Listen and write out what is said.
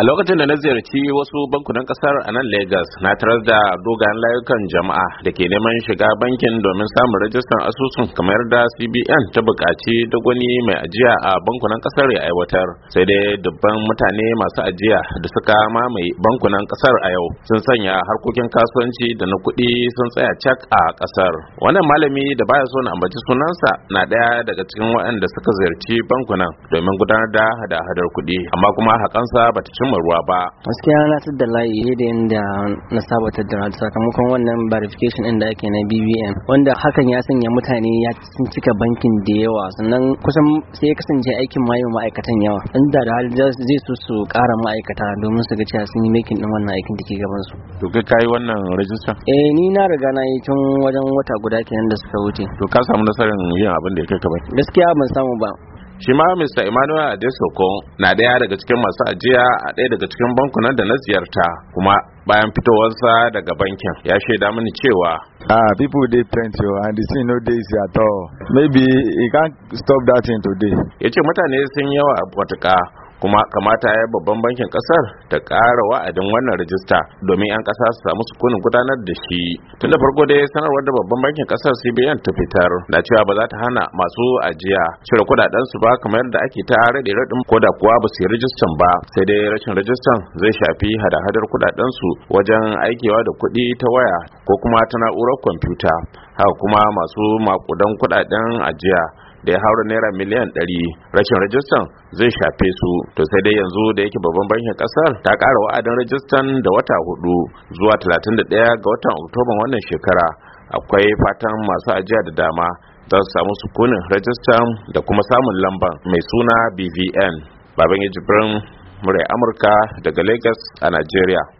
a lokacin da na ziyarci wasu bankunan kasar a nan lagos na tarar da dogayen layukan jama'a da ke neman shiga bankin domin samun rajistar asusun kamar da cbn ta buƙaci duk wani mai ajiya a bankunan kasar ya aiwatar sai dai dubban mutane masu ajiya da suka mamaye bankunan kasar a yau sun sanya harkokin kasuwanci da na kuɗi sun tsaya cak a kasar wannan malami da baya so na ambaci sunansa na ɗaya daga cikin waɗanda suka ziyarci bankunan domin gudanar da hada-hadar kuɗi amma kuma hakansa bata cin cimma ruwa ba gaskiya na da layi da yadda na saba tattara sakamakon wannan verification din da ake na BBM wanda hakan ya sanya mutane ya sun cika bankin da yawa sannan kusan sai ya kasance aikin mayu ma'aikatan yawa inda da hali zai so su ƙara ma'aikata domin su ga cewa sun yi making din wannan aikin da ke gaban su to kai kai wannan rajista eh ni na riga na yi tun wajen wata guda kenan da suka wuce to ka samu nasarar yin abin da ya kai ka bai gaskiya ban samu ba shi ma mr emmanuel adesoko na daya daga cikin masu ajiya a daya daga cikin bankunan da na ziyarta kuma bayan fitowarsa daga bankin ya shaida mini cewa ah people dey plenty o oh, and the thing no dey easy at all maybe e can stop that thing today yace mutane sun yawa a kuma kamata ya babban bankin kasar ta kara wa'adin wannan rajista domin 'yan ƙasa su samu sukunin gudanar da shi tun da farko dai sanarwar da babban bankin kasar cbn ta fitar na cewa ba za ta hana masu ajiya cire kudaden su ba kamar yadda ake ta rade radin ko da kuwa ba su yi rajistan ba sai dai rashin rajistan zai shafi hada-hadar kudaden su wajen aikewa da kuɗi ta waya ko kuma ta na'urar kwamfuta haka kuma masu makudan kudaden ajiya da ya haura naira miliyan 100 rashin rajistan zai shafe su to sai dai yanzu da yake babban bankin kasar ta kara wa'adin rajistan da wata hudu zuwa 31 ga watan Oktoba wannan shekara akwai fatan masu ajiya da dama za su samu sukunin rajistan da kuma samun lamban mai suna bvn baban ya murai amurka daga lagos a nigeria